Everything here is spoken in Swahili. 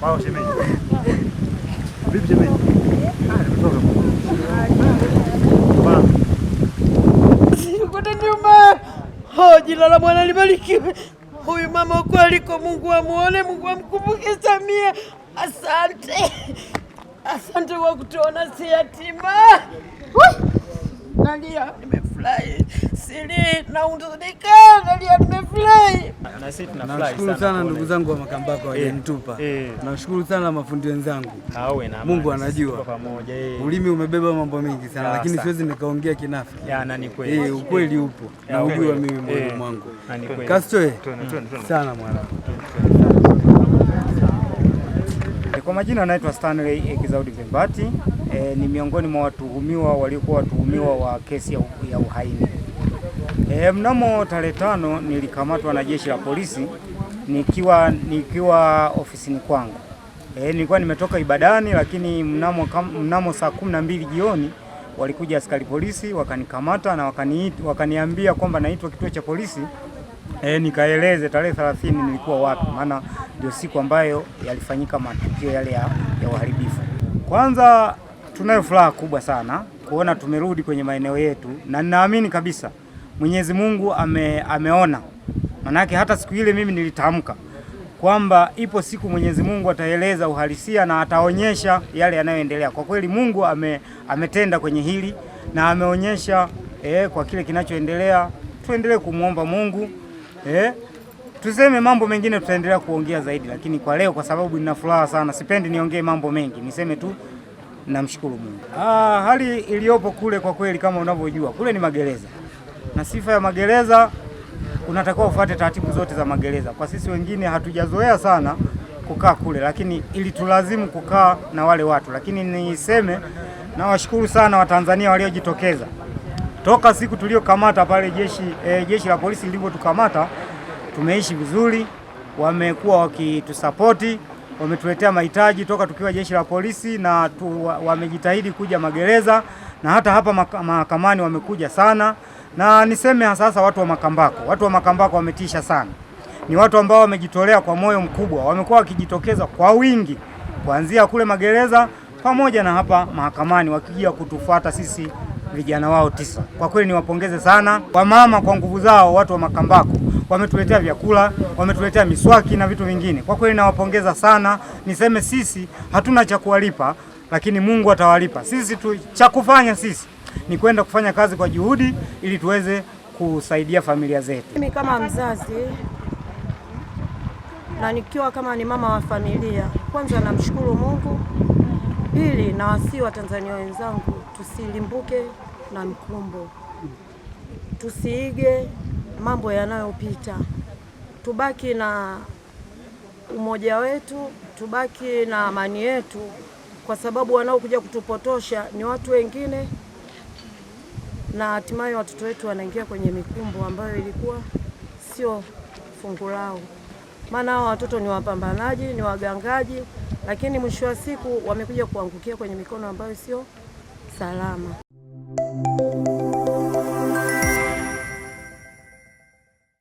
mwingine kuta nyuma. Jina la Bwana libarikiwe. Huyu mama aliko, Mungu amuone, Mungu amkumbuke. Samia, asante, asante kwa kutuona si yatima. Nalia, nimefurahi asili na Nashukuru sana ndugu zangu wa Makambako eh, wajanitupa eh. Nashukuru sana mafundi wenzangu, Mungu anajua eh. Ulimi umebeba mambo mengi sana ya, lakini siwezi nikaongea kinafi ukweli upo na ujua mimi moyoni mwangu Kastoe mm. sana mwanangu. Kwa majina anaitwa Stanley Kizaudi Vimbati. e, ni miongoni mwa watuhumiwa waliokuwa watuhumiwa wa kesi ya uhaini. E, mnamo tarehe tano nilikamatwa na jeshi la polisi nikiwa nikiwa ofisini kwangu. E, nilikuwa nimetoka ibadani, lakini mnamo, mnamo saa kumi na mbili jioni walikuja askari polisi wakanikamata na wakani, wakaniambia kwamba naitwa kituo cha polisi. E, nikaeleze tarehe 30 nilikuwa wapi, maana ndio siku ambayo yalifanyika matukio yale ya, ya uharibifu. Kwanza tunayo furaha kubwa sana kuona tumerudi kwenye maeneo yetu na ninaamini kabisa Mwenyezi Mungu ame, ameona. Manake hata siku ile mimi nilitamka kwamba ipo siku Mwenyezi Mungu ataeleza uhalisia na ataonyesha yale yanayoendelea. Kwa kweli Mungu ame, ametenda kwenye hili na ameonyesha eh, kwa kile kinachoendelea. Tuendelee kumwomba Mungu eh, tuseme mambo mengine, tutaendelea kuongea zaidi, lakini kwa leo, kwa sababu nina furaha sana, sipendi niongee mambo mengi, niseme tu namshukuru Mungu. Ah, hali iliyopo kule kwa kweli, kama unavyojua kule ni magereza na sifa ya magereza unatakiwa ufuate taratibu zote za magereza. Kwa sisi wengine hatujazoea sana kukaa kule, lakini ilitulazimu kukaa na wale watu. Lakini niseme na washukuru sana Watanzania waliojitokeza toka siku tuliokamata pale jeshi, eh, jeshi la polisi lilivyotukamata. Tumeishi vizuri, wamekuwa wakitusapoti, wametuletea mahitaji toka tukiwa jeshi la polisi na tu, wamejitahidi kuja magereza na hata hapa mahakamani wamekuja sana. Na niseme hasahasa watu wa Makambako, watu wa Makambako wametisha sana, ni watu ambao wamejitolea kwa moyo mkubwa, wamekuwa wakijitokeza kwa wingi kuanzia kule magereza pamoja na hapa mahakamani wakija kutufuata sisi vijana wao tisa. Kwa kweli niwapongeze sana wamama kwa nguvu zao. Watu wa Makambako wametuletea vyakula, wametuletea miswaki na vitu vingine. Kwa kweli nawapongeza sana. Niseme sisi hatuna cha kuwalipa, lakini Mungu atawalipa. Sisi tu cha kufanya sisi ni kwenda kufanya kazi kwa juhudi ili tuweze kusaidia familia zetu. Mimi kama mzazi na nikiwa kama ni mama wa familia, kwanza namshukuru Mungu, pili na wasii wa Tanzania wenzangu tusilimbuke na mkumbo, tusiige mambo yanayopita, tubaki na umoja wetu, tubaki na amani yetu, kwa sababu wanaokuja kutupotosha ni watu wengine na hatimaye watoto wetu wanaingia kwenye mikumbo ambayo ilikuwa sio fungu lao, maana hao watoto ni wapambanaji, ni wagangaji, lakini mwisho wa siku wamekuja kuangukia kwenye mikono ambayo sio salama.